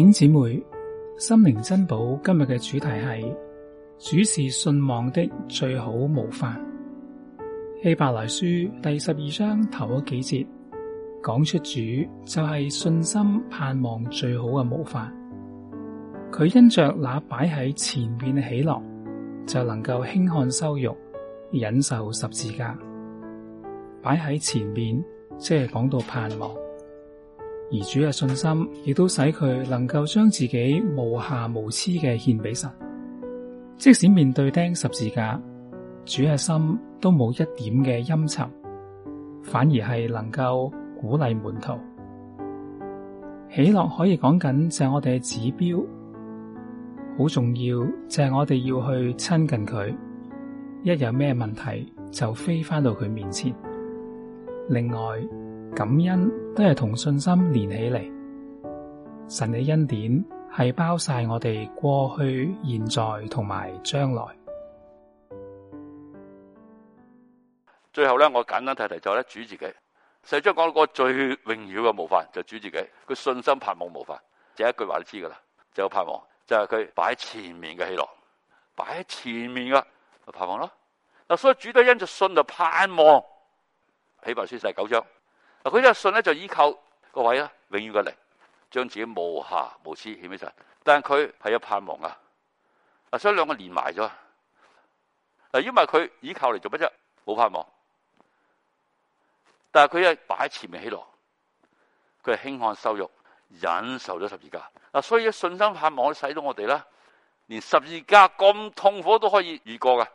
頂姊妹，心靈珍寶今日嘅主題係主是信望的最好模範。希伯來書第十二章頭嗰幾節講出主就係信心盼望最好嘅模範。佢因着那擺喺前面嘅喜樂，就能夠輕看羞辱，忍受十字架。擺喺前面，即係講到盼望。而主嘅信心，亦都使佢能夠將自己無瑕無疵嘅獻俾神。即使面對釘十字架，主嘅心都冇一點嘅陰沉，反而係能夠鼓勵門徒。喜樂可以講緊就係我哋嘅指標，好重要就係我哋要去親近佢。一有咩問題就飛翻到佢面前。另外。感恩都係同信心連起嚟，神嘅恩典係包晒我哋過去、現在同埋將來。最後咧，我簡單提提就係主自己，四章講到個最榮耀嘅模範就主自己，佢信心盼望模範，就一句話你知噶啦，就盼望就係佢擺喺前面嘅喜樂，擺喺前面噶就盼望咯。嗱、啊，所以主嘅恩就信就盼望，起拜書晒九章。.嗱，佢一信咧，就依靠個位啊，永遠嘅靈將自己無瑕無疵獻俾佢。但係佢係有盼望啊！嗱，所以兩個連埋咗。嗱，因為佢依靠嚟做乜啫？冇盼望。但係佢係擺喺前面喜樂，佢係輕看羞辱，忍受咗十字架。嗱，所以一信心盼望可以使到我哋啦，連十字架咁痛苦都可以遇過噶。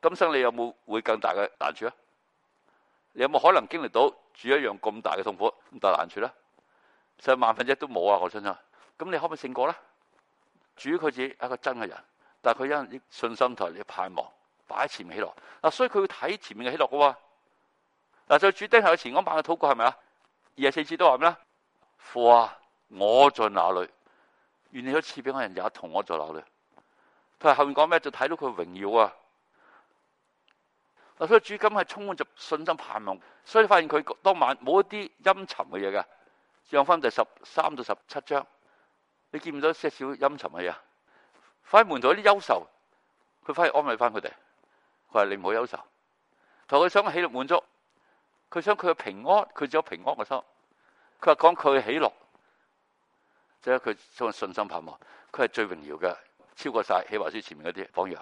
今生你有冇會更大嘅難處啊？你有冇可能經歷到主一樣咁大嘅痛苦、咁大難處咧？上至萬分之一都冇啊！我相信，咁你可唔可以勝過咧？主佢自己一個真嘅人，但係佢因信心同埋啲盼望擺喺前面嘅喜樂。嗱、啊，所以佢要睇前面嘅喜樂嘅喎。嗱，在主頂頭嘅前，我萬個禱告係咪啊？廿四節都話咩咧？父啊，我在哪裡？願你所賜俾我人也同我在哪裡。佢後面講咩？就睇到佢榮耀啊！所以主今係充滿着信心盼望，所以發現佢當晚冇一啲陰沉嘅嘢噶上翻第十三到十七章，你見唔到些少陰沉嘅嘢？反而門徒有啲憂愁，佢反而安慰翻佢哋。佢話你唔好憂愁，同佢想喜樂滿足。佢想佢嘅平安，佢只有平安嘅心。佢話講佢嘅喜樂，即係佢充滿信心盼望。佢係最榮耀嘅，超過晒《啟華書》前面嗰啲榜樣。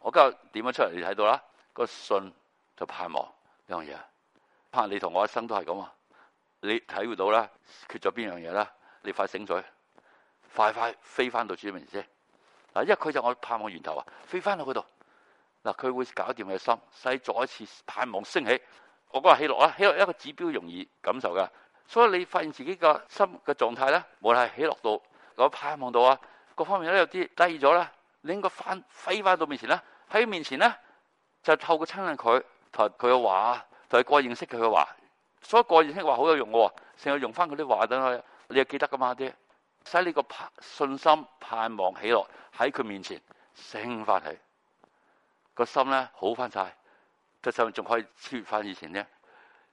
我今日點樣出嚟，你睇到啦。個信就盼望呢樣嘢啊！盼你同我一生都係咁啊！你體會到啦，缺咗邊樣嘢啦？你快醒水，快快飛翻到主面前先嗱。因為佢就我盼望源頭啊，飛翻到嗰度嗱，佢會搞掂佢嘅心，使再一次盼望升起。我講話起落啦，起落一個指標容易感受噶，所以你發現自己個心嘅狀態咧，無論係起落到個盼望到啊，各方面咧有啲低咗啦，你應該翻飛翻到面前啦，喺面前咧。就透過親近佢，同佢嘅話，同佢過認識佢嘅話，所以過認識話好有用嘅喎，成日用翻佢啲話佢等等，你又記得噶嘛，姐，使你個盼信心盼望起來喺佢面前升翻起，個心咧好翻晒。就甚至仲可以超越翻以前咧，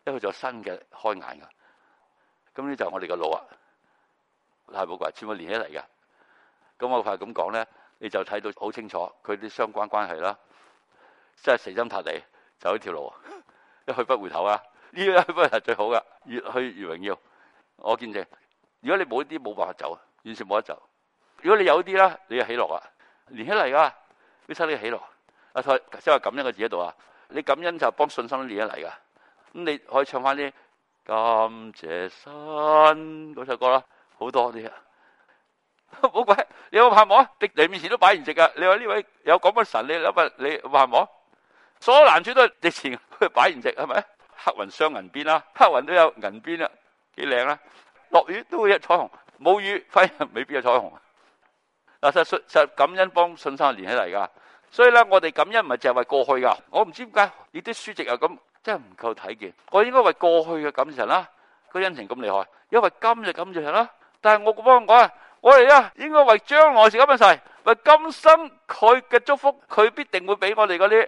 因為佢就新嘅開眼噶，咁呢就係我哋嘅腦啊，太寶貴，全部連起嚟嘅，咁我係咁講咧，你就睇到好清楚佢啲相關關係啦。真係死心塌地走呢條路，一去不回頭啊！呢一去不回係最好噶，越去越榮耀。我見證，如果你冇啲冇辦法走，完全冇得走。如果你有啲啦，你就起落啊，連起嚟噶，你睇你起落。阿台即係感恩個字喺度啊，你感恩就幫信心連起嚟噶。咁你可以唱翻啲感謝神嗰首歌啦，好多啲啊！好鬼，你有盼望啊？敵人面前都擺筵席噶，你話呢位有講乜神，你諗下你有冇？所有難處都係敵前擺完席，係咪？黑雲鑲銀邊啦，黑雲都有銀邊啦，幾靚啦。落雨都會有彩虹，冇雨反而未必有彩虹。嗱，實實感恩幫信心連起嚟噶，所以咧，我哋感恩唔係淨係為過去噶，我唔知點解呢啲書籍啊咁真係唔夠睇見。我應該為過去嘅感情啦，個恩情咁厲害，因為今日嘅感情啦。但係我幫佢講啊，我哋啊應該為將來事咁樣睇，為今生佢嘅祝福，佢必定會俾我哋嗰啲。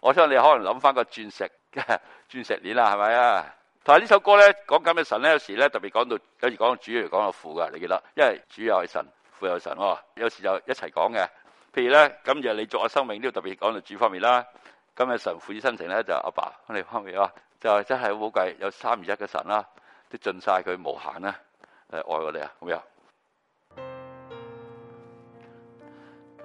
我相信你可能諗翻個鑽石、鑽石鏈啦，係咪啊？同埋呢首歌咧，講緊嘅神咧，有時咧特別講到，有時講到主，又講到父噶，你記得，因為主又係神，父又係神、啊，有時就一齊講嘅。譬如咧，今日你作我生命都要特別講到主方面啦。今日神父子親情咧就阿、是、爸呢方面啊，就真係好計，有三而一嘅神啦、啊，都盡晒佢無限啦。誒愛我哋啊，咁樣。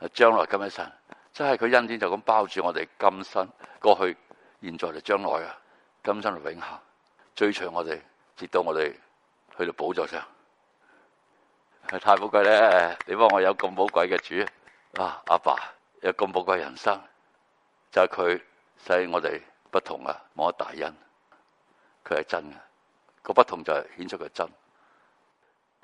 啊！將來金一生，真係佢恩典就咁包住我哋今生、過去、現在就將來啊！今生就永恆，最長我哋接到我哋去到寶座上，太寶貴咧！你幫我有咁寶貴嘅主啊！阿爸，爸有咁寶貴人生，就係、是、佢使我哋不同啊！望一大恩，佢係真嘅，個不同就係顯出佢真。